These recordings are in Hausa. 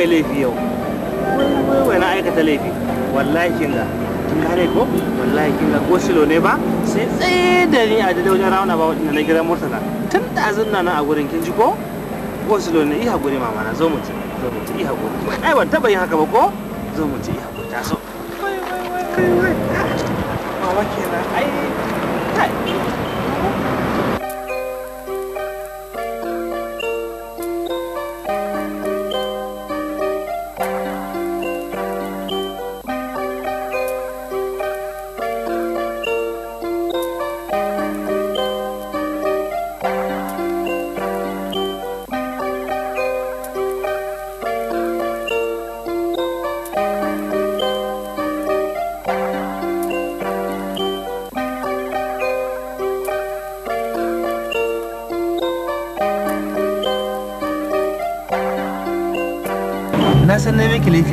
mai laifi yau wai na aikata laifi wallahi kinga kin gane ko wallahi kinga ko silo ne ba sai tsaye da ni a daidai wajen rauna ba wadanda na gidan murtala tun da azin na nan a gurin kin ji ko ko silo ne iya guri mama na zo mu ci zo mu ci iya guri ai ban taba yin haka ba ko zo mu ci iya guri ta so wai wai wai wai mama kenan ai kai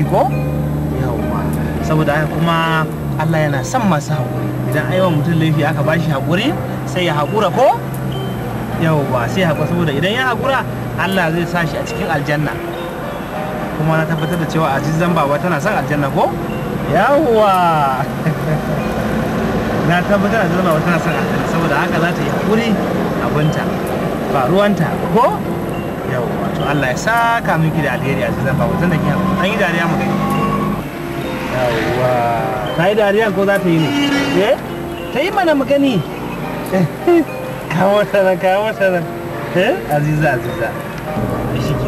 ko yawwa saboda haka kuma Allah yana son masu haƙuri idan wa mutum laifi aka ba shi haƙuri sai ya haƙura ko yawwa sai haƙura saboda idan ya haƙura Allah zai sa shi a cikin aljanna kuma na tabbatar da cewa azizan baba tana son aljanna ko yawwa na tabbatar da baba tana son aljanna saboda haka za ta yi haƙuri abinta ba ruwanta ko yawwa to Allah ya saka miki da alheri a cikin babu tun da kin an yi dariya mu gani yawwa ta yi dariya ko za ta yi ne eh ta yi mana mu gani kawo ta nan kawo ta nan eh aziza aziza shi ke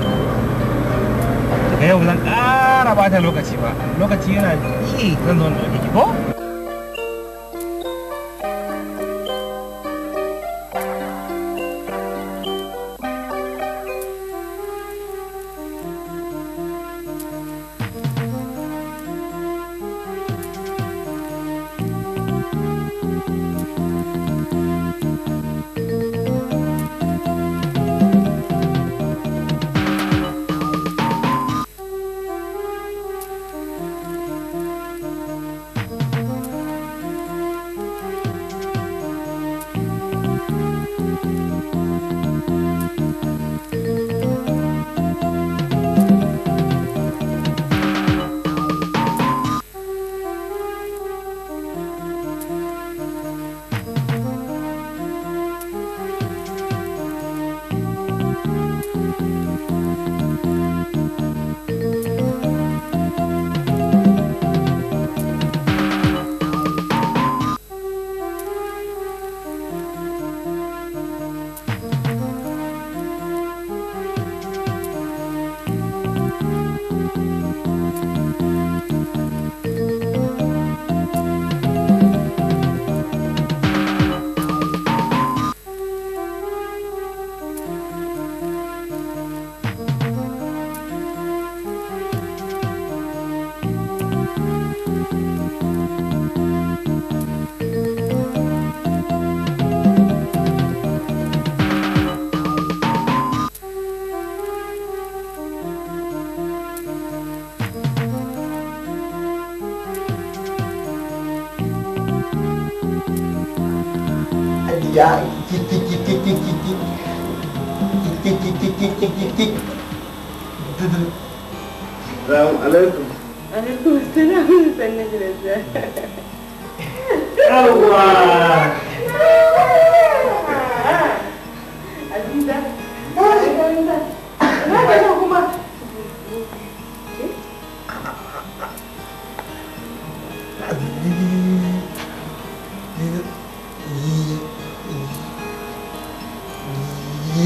daga yau zan ƙara bata lokaci ba lokaci yana yi zan zo da kike ko Música ya Salamu alaikum. Alaikum salam sannu da Yawwa! Aziza,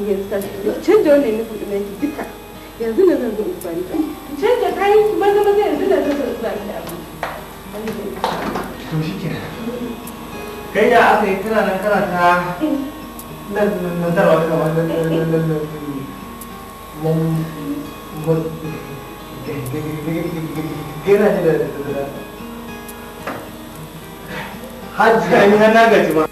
yanzu ta canza wannan nufin na ki duka yanzu na zan zo in sami ka canza kayan maza maza yanzu na zan zo in sami ka to shi kenan kai ya aka yi kana nan kana ta nan nan da wani kamar nan nan nan nan nan Gina ji da Hajji, na gaji ma.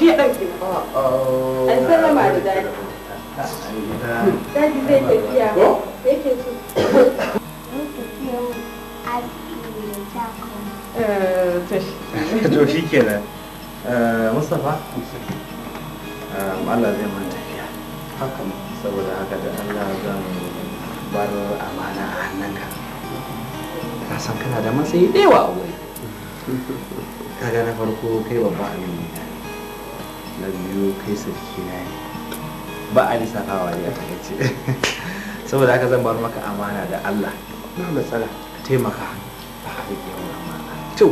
shi ya ɗauke an sallama da daji daji zai tafiya yake so to shi kenan mustapha Allah zai man tafiya haka saboda haka da Allah zan bar amana a hannunka ka san kana da matsayi a wuri kaga na farko kai babba amini na biyu kai sarki na yi ba a lissafawa ya a takaice saboda haka zan bar maka amana da Allah na matsala ka taimaka ba a rike yawan amana to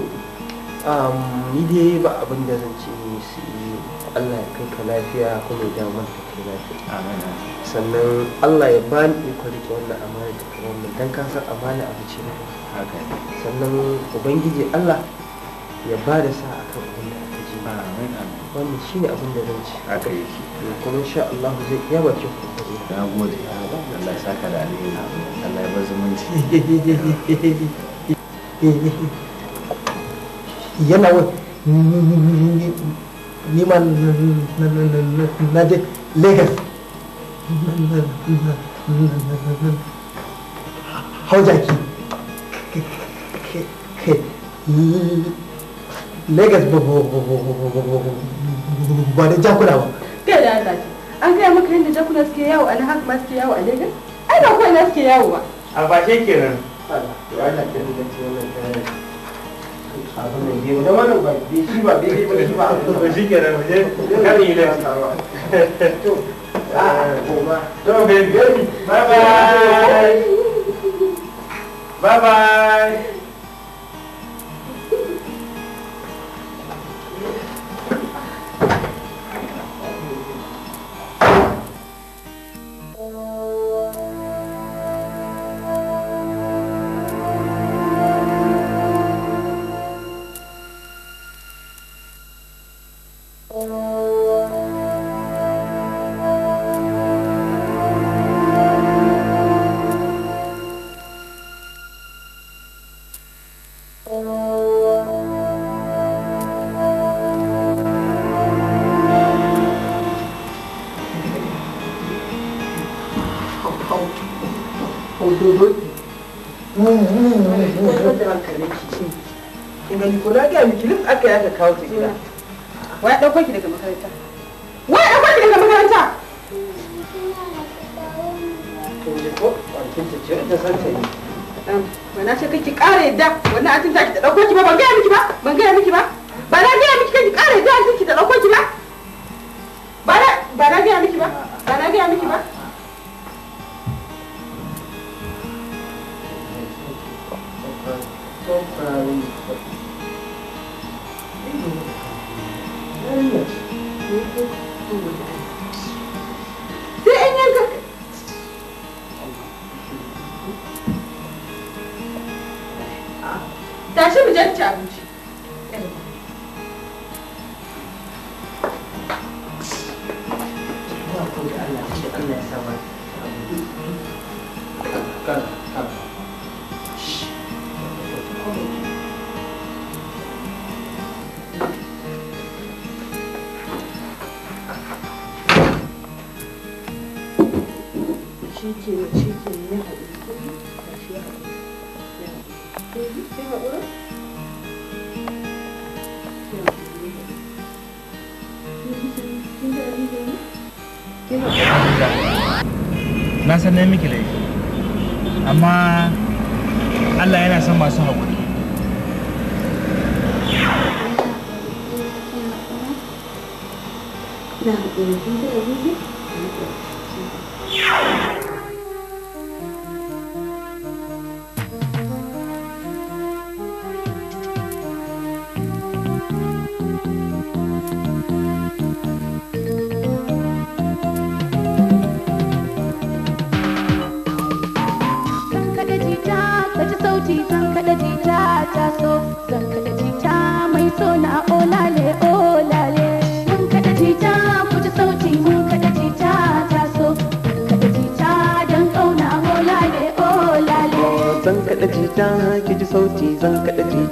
um, ni dai ba abin da zan ce su yi Allah ya kai ka lafiya kuma ya damar da kai lafiya amin sannan Allah ya ba ni iko rike wannan amana da kuma wannan dan ka san amana abu ce na haka sannan ubangiji Allah ya ba da sa akan wannan wannan shi ne abin da zan ci haka yake kuma insha Allah zai iya ba ki kokari na gode Allah ya saka da alheri Allah ya bar zumunci yana wai ni ma na je Lagos hau jaki legas ba da jakuna ba. Kai da Allah an gaya maka yadda jakuna suke yawo a nan Bye bye. Bye bye. Ko h a i n a ni kula ga miki duk aka a k a k a o ki gida. wa ya ki daga makaranta wa ya ki daga makaranta ce kake yadda wannan atin ta ki ta dauko ki ba ban gaya miki ba ban gaya miki ba tashi mu jacca abinci pandemic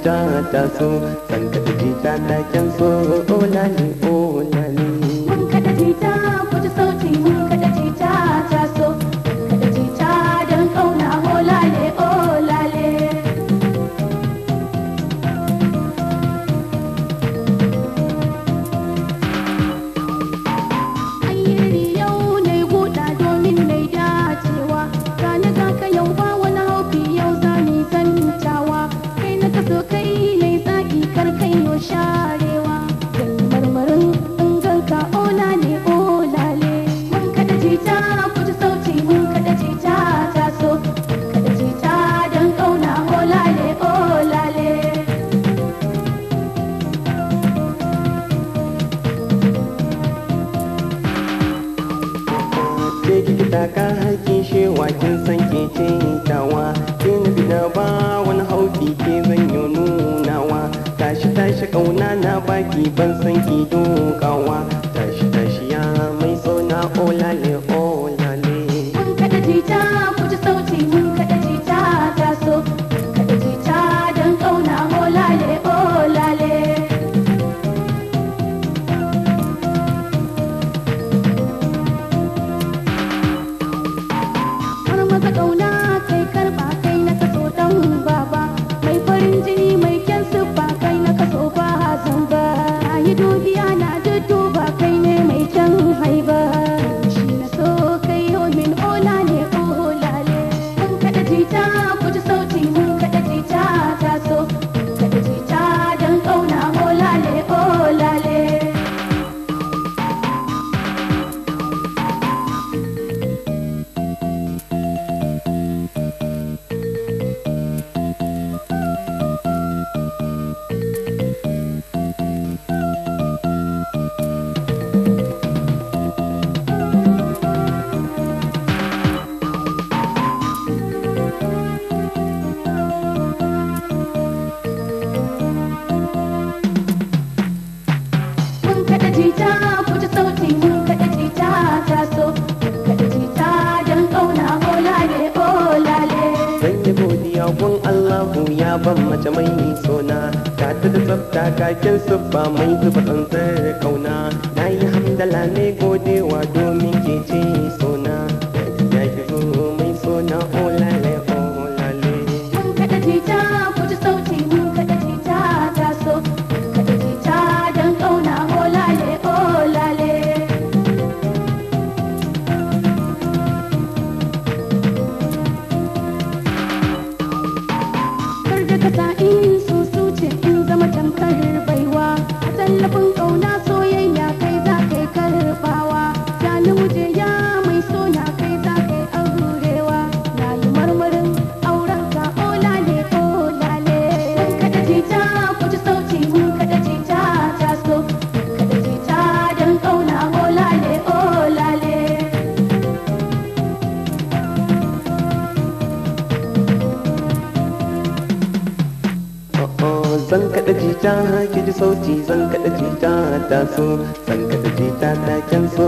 ta taso sanda ta ji ta na can so olani oh, olani oh, I can kai stop sapa mai du patante ta phu sang kata jita ta chẳng phu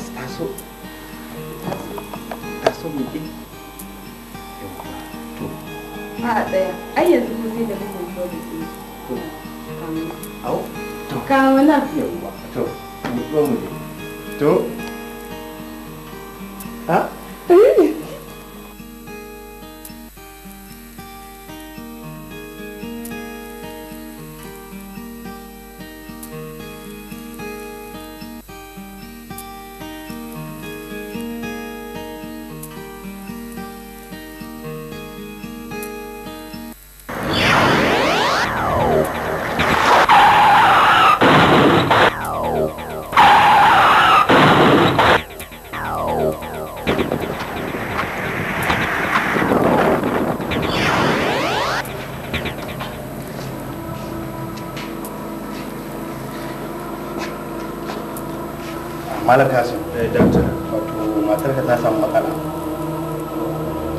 malam kasu eh, dakta wato matarka ta samu matsala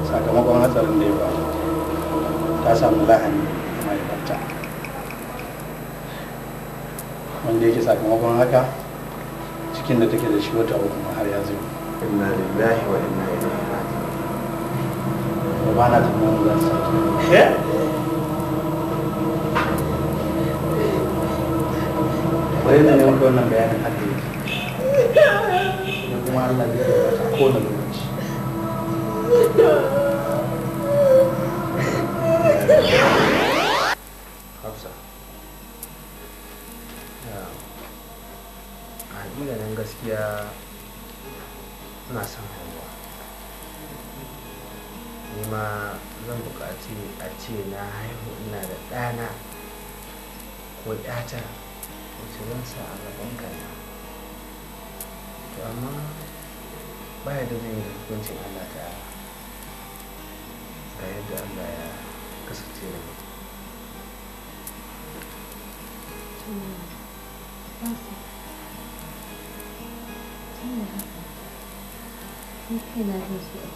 sakamakon hatsarin da ya ba ta samu lahani wanda yake sakamakon haka cikin da take da shi wata uku har ya zai inna lillahi wa inna ilaihi raji'un ba na tunanin su wani ne wannan bayanin Allah bai da wata a lokaci hafsa a hakikanin gaskiya ina son haihuwa nima zan buƙaci a ce na haihu ina da ɗana ko ƴata wacce zan sa a gaban kaina to amma baya da zai yi hukuncin Allah ta ga yadda Allah ya kasance da mutum. zan amma da daga gari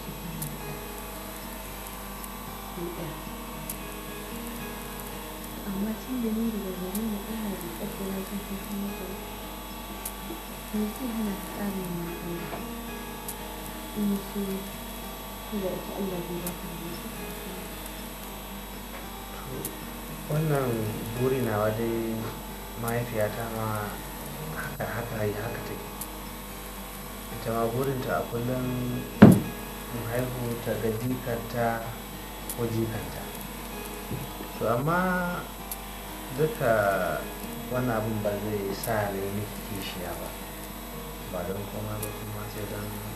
na ƙara da ƙarfi na cikin kuma hana ƙarin wannan buri nawa dai mahaifiyata ma haka haka yi haka take ita ma burinta a kullum in haihu ta ga jikanta ko jikanta to amma duka wannan abin ba zai sa ne miki kishiya ba ba don kuma ba kuma sai don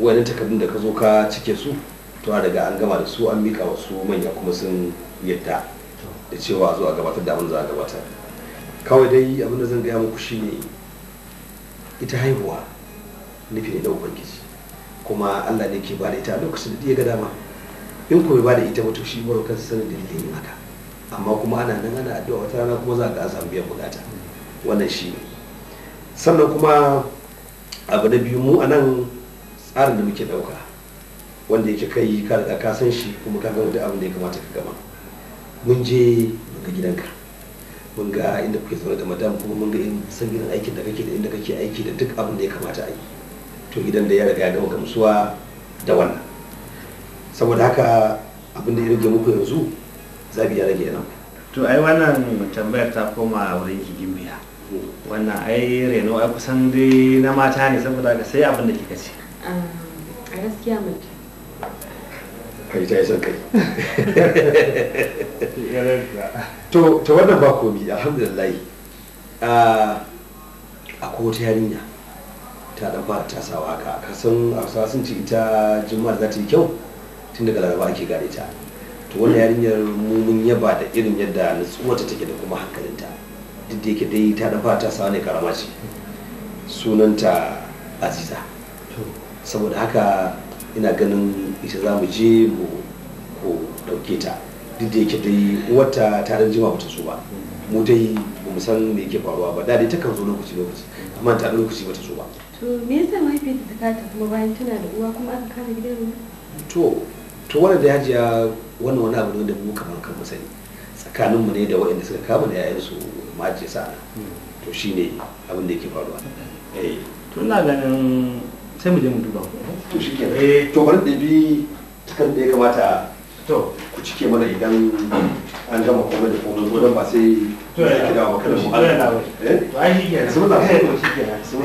Wani takardun da ka zo ka cike su to daga an gama da su an mika wasu manya kuma sun yadda da cewa zo a gabatar da abin za a gabatar kawai dai abin da zan gaya muku shine ita haihuwa nufi ne na ubangiji kuma allah ne ke bada ita a lokacin da ya ga dama in kuma ba da ita wato shi mara kansa sanin dalilin haka amma kuma ana nan ana addu'a wata rana kuma za ka samu biyan bukata wannan shi sannan kuma abu na biyu mu a nan tsarin da muke ɗauka wanda yake kai ka ka san shi kuma ka ga duk abin da ya kamata ka gama mun je mun ga gidanka mun ga inda kuke zaune da madam kuma mun ga in san gidan aikin da kake da inda kake aiki da duk abin da ya kamata a yi to gidan da ya riga ya gama gamsuwa da wannan saboda haka abin da ya rage muku yanzu za ya rage nan to ai wannan tambayar ta koma wurin gigimbiya hmm. wannan ai reno ai kusan dai na mata ne saboda ga sai abin da kika ce a gaskiya mutum kai ta yi son kai to ta wannan ba komi alhamdulillah ah, a kowace yarinya ta dan fara tasawa haka ka san a sun ce ita juma'a za ta yi kyau tun daga laraba ake gane ta to wannan yarinyar mun yaba da irin yadda nutsuwarta take da kuma hankalinta duk da yake dai ta dan fara tasawa ne karama ce sunanta aziza saboda haka ina ganin ita za mu je mu ko dauke ta duk da yake dai wata ta dan jima bata so ba mu dai ba mu san me yake faruwa ba da dai takan zo lokaci lokaci amma ta lokaci bata so ba to me yasa mahaifiyar ta ta kuma bayan tana da uwa kuma aka kama gidan mu to to wannan da hajiya wannan wani abu ne da mu kamar kan mu sani tsakanin mu ne da waɗanda suka kama da yayin su ma ce sa'a hmm. to shine abin da yake faruwa eh to ina ganin sai mu je mu duba to shi eh to bari da bi takan da ya kamata to ku cike mana idan an gama kuma da kuma ko dan ba sai to ya kira wa kada mu Allah eh to ai shi sai mu da shi ke sai mu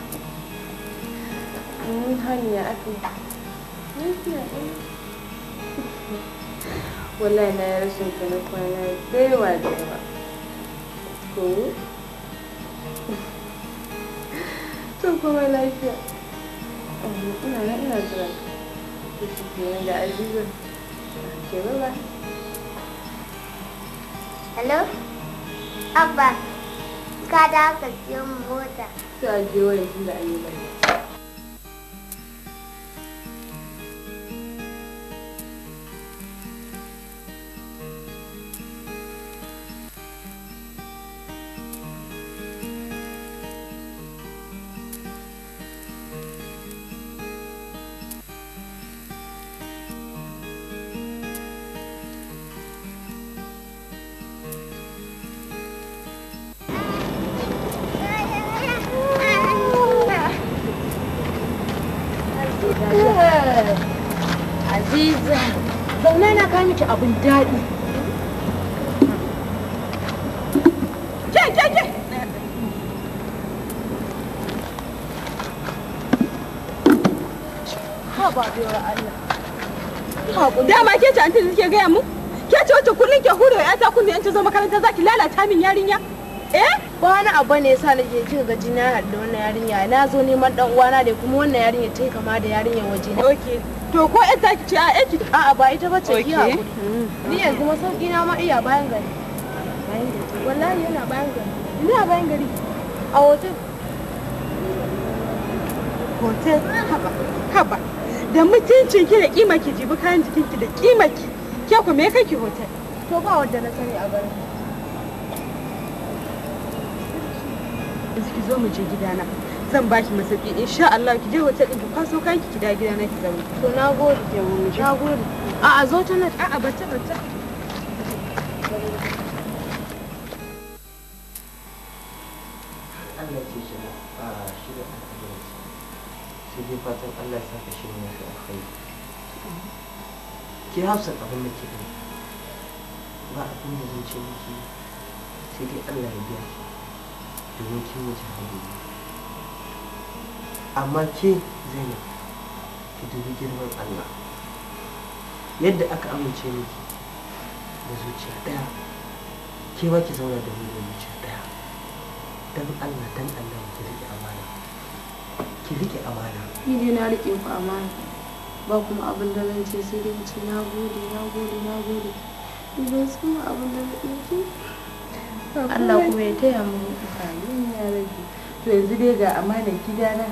Ni hanya ake. Lafiya ɗaya. Eh. Wallahi na ka na kwana da yawa da kuma lafiya. da Aziza. Ke baba. ka da aka siyo mota. abin daɗi Je, je, ke ha ba biyar Allah dama ke ce antin ke gaya mu ke ce wacce kullum ke hure ya ta kun da ta zo makaranta zaki lalata min yarinya eh ba wani abu ne yasa nake ji ga na haɗa wannan yarinya na zo neman dan uwana da kuma wannan yarinya ta kama da yarinya waje okay to ko ita ki ce a eki a a ba ita bace iya ni yanzu sauki na ma iya bayan gari wallahi yana bayan gari ina bayan gari a hotel hotel haba haba da mutuncin ki da kima ki jibi kayan jikin ki da kima ki ke ku me kake hotel to ba wanda na sani a garin yanzu ki zo mu je gidana zan ba ki masauki sha Allah ki je wata ɗin ki kwaso kanki ki da gida na ki zama. to na gode ke mu na gode. a a zo ta nan a a bace bace. Allah ce shi a shirya sai dai fatan Allah ya saka shi ne shi alkhairi ki hafsa abin da ke ba abin da zan ce miki sai dai Allah ya biya ki domin kin wuce hagu amma ke zainab ki dubi girman allah yadda aka amince miki da zuciya daya ke ma ki zauna da mu da zuciya daya dan allah dan allah ki rike amana ki rike amana ni dai na rike ku amana ba kuma abin da zan ce sai dai ce na gode na gode na gode su kuma abin da zan ce Allah kuma ya taya mu ya rage to yanzu dai ga amanar gidana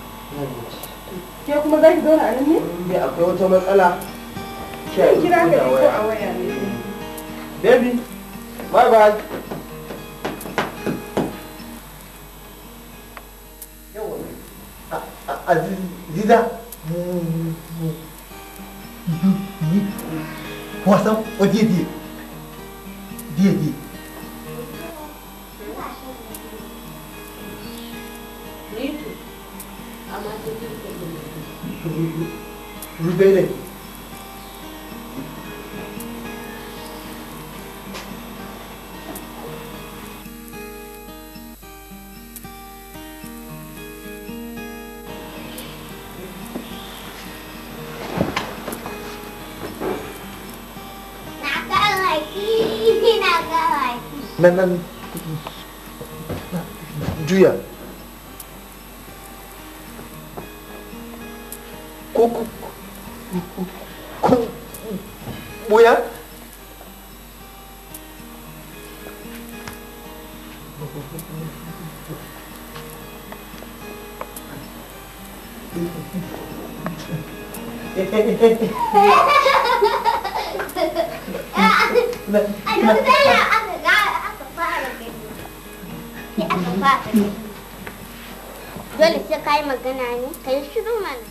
ke kuma za ki zauna a nan ne? akwai wata matsala ke kira ka ko a waya ne baby bye bye Aziza o dia dia dia dia. Nito Rubele. Men, men, Julia, kun buya Dole sai ka yi magana ne, ka yi shiru mana.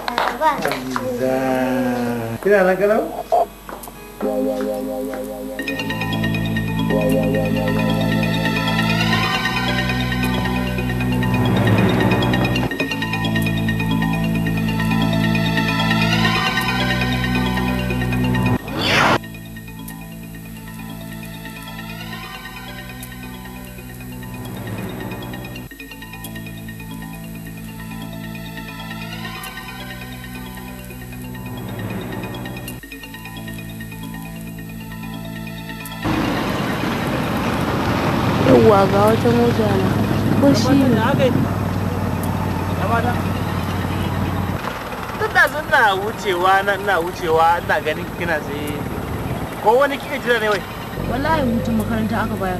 Kita. Kenal anak kau? yawwa ga wata mota na ko shi ne Tunda suna wucewa na ina wucewa ina ganin kina sai ko wani kike jira ne wai wallahi hutun makaranta aka bayar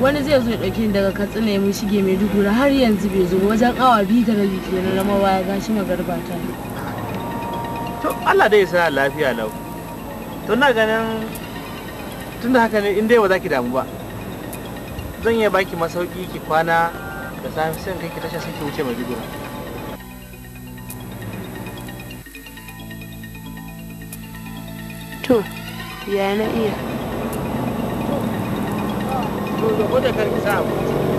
wani zai zo ya dauke ni daga katsina ya mun shige mai dugura har yanzu bai zo wajen awa biyu da rabi kenan na mawaya gashi magarba ta to Allah dai ya sa lafiya lau to na ganin tunda haka ne in dai ba za ki damu ba zan iya baki masauki ki kwana da safe sun kai ki tasha sun ki wuce Maiduguri to ya na iya to da karki sa abu.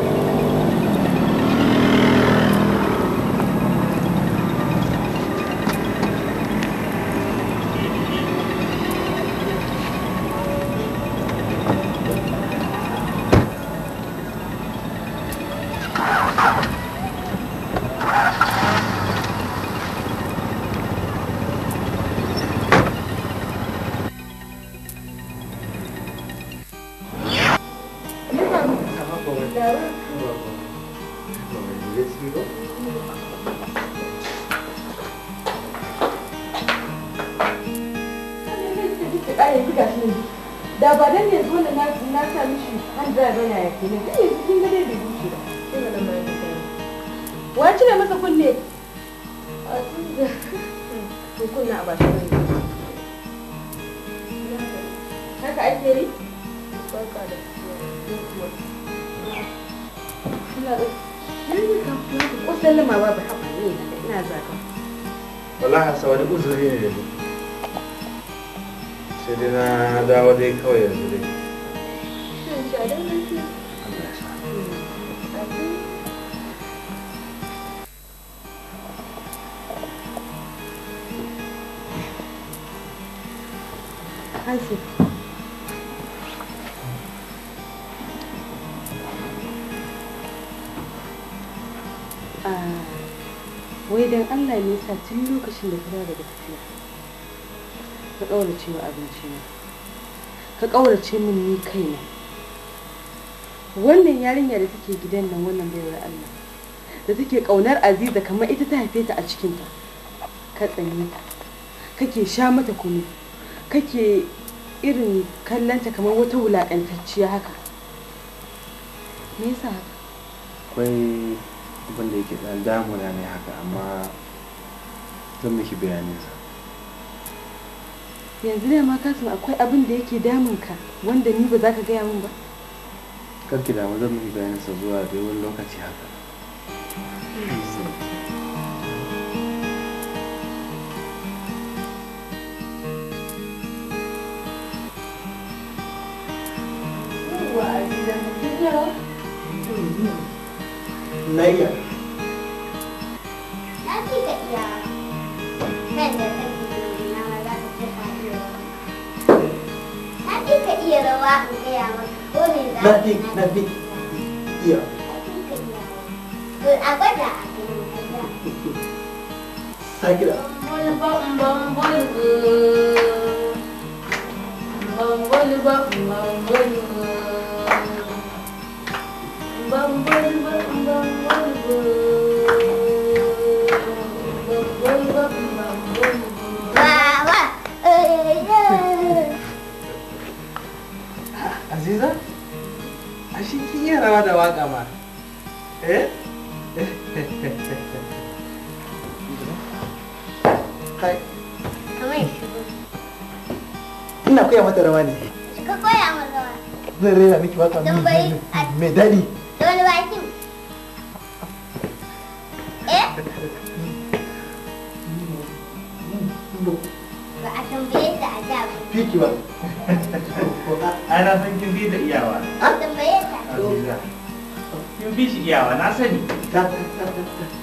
rasa wani uzuri ne yanzu sai dai na dawo dai kawai yanzu dai Thank you. don allah ne sa tun lokacin da kira daga tafiya ka ƙaurace wa abinci na ka ƙaurace min ni kaina wannan yarinya da take gidan nan wannan baiwar allah da take ƙaunar aziza kamar ita ta haife ta a cikinta ka tsanye ta kake sha mata kunu kake irin kallanta kamar wata wulaƙantacciya haka me yasa haka abin da yake ɗan damuna ne haka amma zan miki bayanin sa yanzu da ma kasan akwai abin da yake damun ka wanda ni ba za ka gaya min ba kar ki damu zan miki bayanin sa zuwa da wani lokaci haka Wow, you Na iya. Na fi ka iya. Kan da kake na ma za ka fi ka iya. ka iya ka ka a gwada a kai Aziza? A shi kin iya rawa da waka ma. Eh? Kai. Kamai. Ina koya mata rawa ne. Ka koya mata rawa. Zan rera miki waka mai daɗi. to ba a tambaye a da ba fiki ana san kin bi da iyawa kin shi iyawa na sani